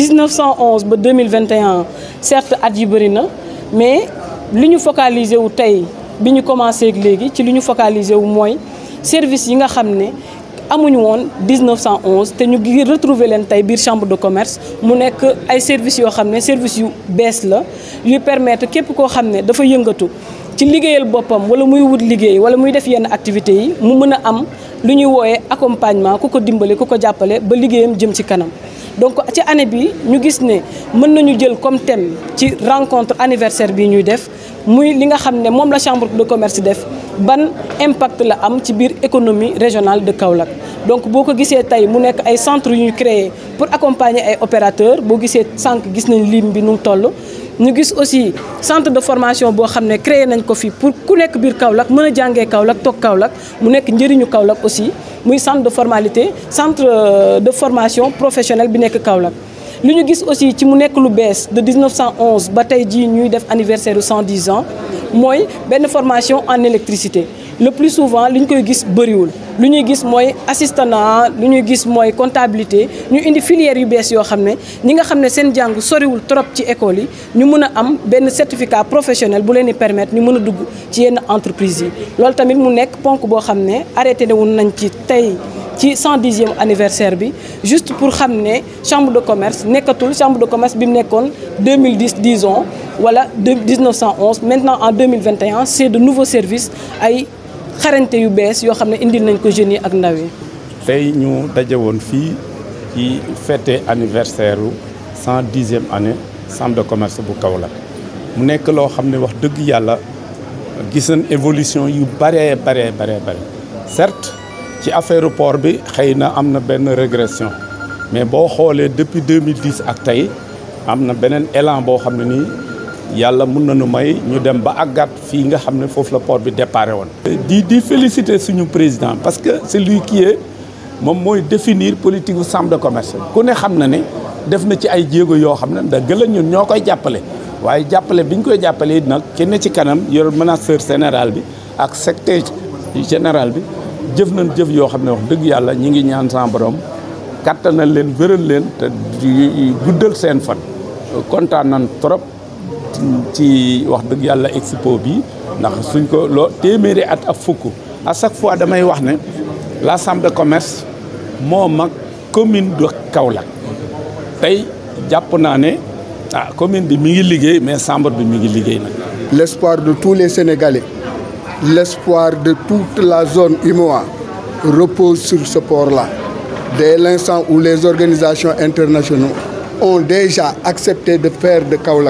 1911 ba 2021 certes at yi mais li ñu focaliser wu tey bi ñu commencé ak léegi ci li focaliser wu mooy service yi nga xam ne amuñu woon 1911 te ñu ngi retrouver leen tey biir chambre de commerce mu nekk ay services yoo xam ne service yu bees la yuy permettre képp koo xam ne dafa yëngatu ci liggéeyal boppam wala muy wut liggéey wala muy def yenn activités yi mu mën a am lu ñuy wooyee accompagnement ku ko dimbali ku ko jàppale ba liggéeyam jëm ci kanam donc ci année bi ñu gis ne mën nañu jël comme thème ci rencontre anniversaire bi ñuy def muy li nga xam la chambre de commerce def ban impact la am ci biir économie régionale de Kaolack donc boko ko gisee tey mu nek ay centre yu ñu créé pour accompagner ay opérateurs bo gisee sank gis nañ lim bi nu tollu nous avons aussi centre de formation qui a créé nañ ko fi pour ku nekk biir Kaolack mën a jàngee Kaolack toog Kaolack mu nekk aussi muy centre de formalité centre euh, de formation professionnelle bi les Kaolack. Nous aussi ci mu nek lu de 1911 ba tay ji ñuy def anniversaire de 110 ans moy benn formation en électricité le plus souvent liñ koy gis bëriwul lu gis mooy assistanat lu gis mooy comptabilité ñu indi filière yu bees yoo xam ne ñi nga seen jàng soriwul trop ci école yi ñu am benn certificat professionnel bu leen di permettre ñu mën dugg ci yenn entreprise yi loolu tamit mu nekk ponk boo xam ne arrêté nañ ci tey ci cent dixième anniversaire bi juste pour xam chambre de commerce nekkatul chambre de commerce bi mu nekkoon 2010 disons wala 1911 maintenant en 2021 c'est de nouveaux services ay xarañte yu bees yoo xam ne indil nañ ko jeunes yi ak ndaw yi. tey ñu daje woon fii ci fête anniversaire u cent dixième année chambre de commerce bu Kaolack mu nekk loo xam ne wax dëgg yàlla gis nañ évolution yu bëree baree baree bëri certes ci affaire port bi xëy na am na benn régression mais boo xoolee depuis 2010 ak tey am na beneen élan boo xam ne nii yàlla mun na nu may ñu dem ba aggat fii nga xam ne foofu la port bi déparé woon. di di féliciter suñu président parce que c'est lui kii est moom mooy définir politique bu chambre de commerce ku ne xam na ne def na ci ay jéego yoo xam ne da gëla ñun ñoo koy jàppale waaye jàppale bi ñu koy jàppale it nag kenn ci kanam yor menaceur général bi ak secteur général bi jëf nañ jëf yoo xam ne wax dëgg yàlla ñi ngi ñaan sa borom kattanal leen wéral leen te guddal seen fan kontaan nañ trop. ci wax deug yalla expo bi ndax suñ ko at ak à chaque fois damay wax la chambre de commerce moo mag commune de Kaolack tay japp na né ah commune bi mi ngi mais chambre bi mi ngi l'espoir de tous les Sénégalais l'espoir de toute la zone Imoa repose sur ce port-là dès l'instant où les organisations internationales ont déjà accepté de faire de Kaolack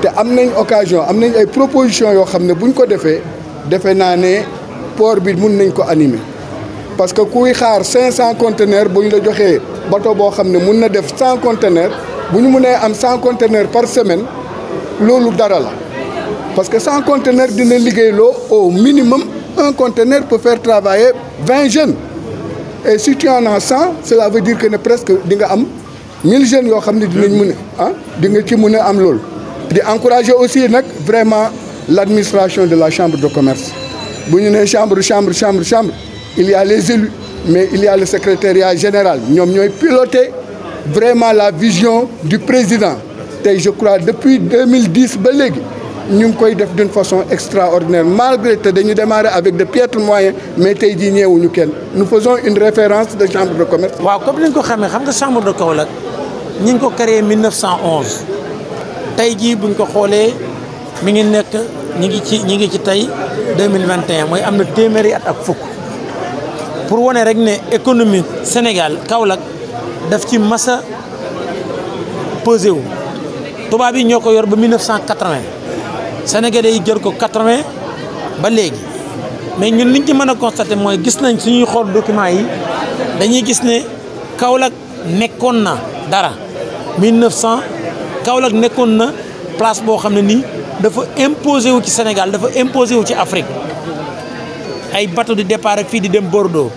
te a une occasion une proposition qui est faite buñ ko les gens port animer parce que kuy xaar 500 conteneurs si ñu la bateau 100 conteneurs Si ñu am 100 conteneurs par semaine parce que 100 conteneurs au minimum un conteneur peut faire travailler 20 jeunes et si tu en as 100 cela veut dire que ne presque 1000 jeunes qui sont. ne dinañ j'ai encourager aussi vraiment l'administration de la chambre de commerce Si chambre chambre chambre chambre il y a les élus mais il y a le secrétariat général Nous avons piloté vraiment la vision du président je crois depuis 2010 nous avons fait d'une façon extraordinaire malgré que nous démarrer avec de piètres moyens mais nous faisons une référence de chambre de commerce. comme nous ko chambre de Commerce a créée en 1911. tey jii buñ ko xoolee mu ngi nekk ñi ngi ci ñi ngi ci tey 2021 mooy am na téeméeri at ak fukk pour wane rek ne économie Sénégal Kaolack def ci masa pesé wu tubaab yi ñoo ko yor ba 1980 sénégalais yi jël ko 80 ba léegi mais ñun liñ ci mën a constaté mooy gis nañ suñuy xool documents yi dañuy gis ne Kaolack nekkoon na dara Kaolack nekkoon na place pour xamné dafa wu Sénégal dafa imposé wu ci Afrique ay bateau de départ ak Bordeaux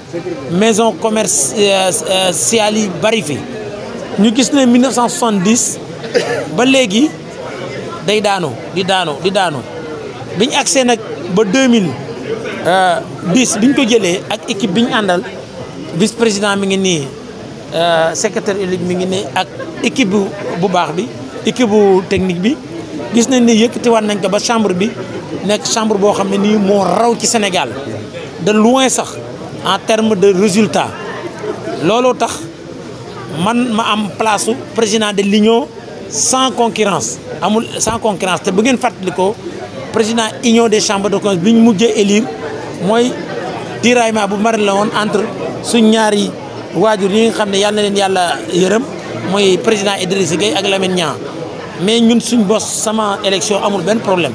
maison commerciale euh, euh, bari fi ñu gis 1970 ba day di di ba 2010 biñ ko ak équipe vice président mi secrétaire élu mi ngi euh, ak équipe bu technique bi gis nañ ne yëkkatiwaat nañ ko ba chambre bi nekk chambre boo xam ne nii moo raw ci Sénégal de loin sax en terme de résultat looloo tax man ma am place président de l'union sans amul sans concurrence te bu ngeen fàttalikoo président union des chambres de commerce bi ñu mujjee élire mooy tiraillement bu mari la woon entre su ñaari waajur yi nga xam ne yàlla na leen yàlla yërëm mooy président Idrissa Gueye ak Lamine mais ñun suñ bos sama élection amul benn problème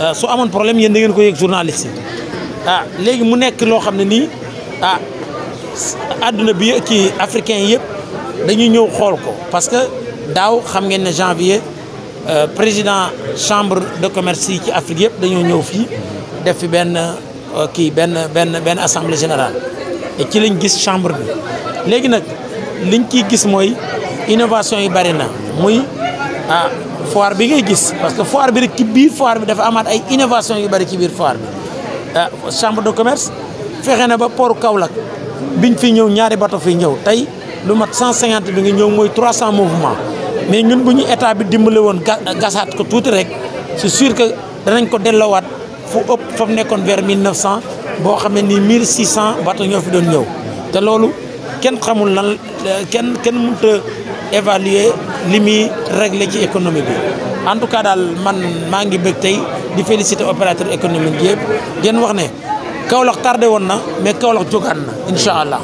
euh, su amoon problème yéen da ngeen ko yëg journaliste yi ah léegi mu nekk loo xam ne nii ah àdduna bi kii africain yëpp dañuy ñëw xool ko parce que daaw xam ngeen ne janvier euh, président chambre de commerce yi ci Afrique yëpp dañoo ñëw fii def fi benn euh, kii benn benn benn assemblée générale ci lañ gis chambre bi léegi nag liñ ci gis mooy innovation yi bari na muy ah foire bi ngay gis parce que foire bi rek ci biir foire bi dafa amaat ay innovation yu bari ci biir foire bi ah chambre de commerce fexe na ba port Kaolack biñ fi ñëw ñaari bateau fi ñëw tey lu mat 150 bi nga ñëw mooy 300 mouvements mais ñun bu ñu état bi tout woon ko tuuti rek c'est sûr que danañ ko delloowaat fu ëpp fa mu nekkoon vers 1900 boo xam ni 1600 bateau ñoo fi doon ñëw te loolu kenn xamul lan euh, kenn kenn évaluer li muy régler ci économie bi en tout cas daal man maa ngi bëgg tey di féliciter opérateur économique yëpp ngeen wax ne Kaolack tardé woon na mais Kaolack jógaan na incha allah.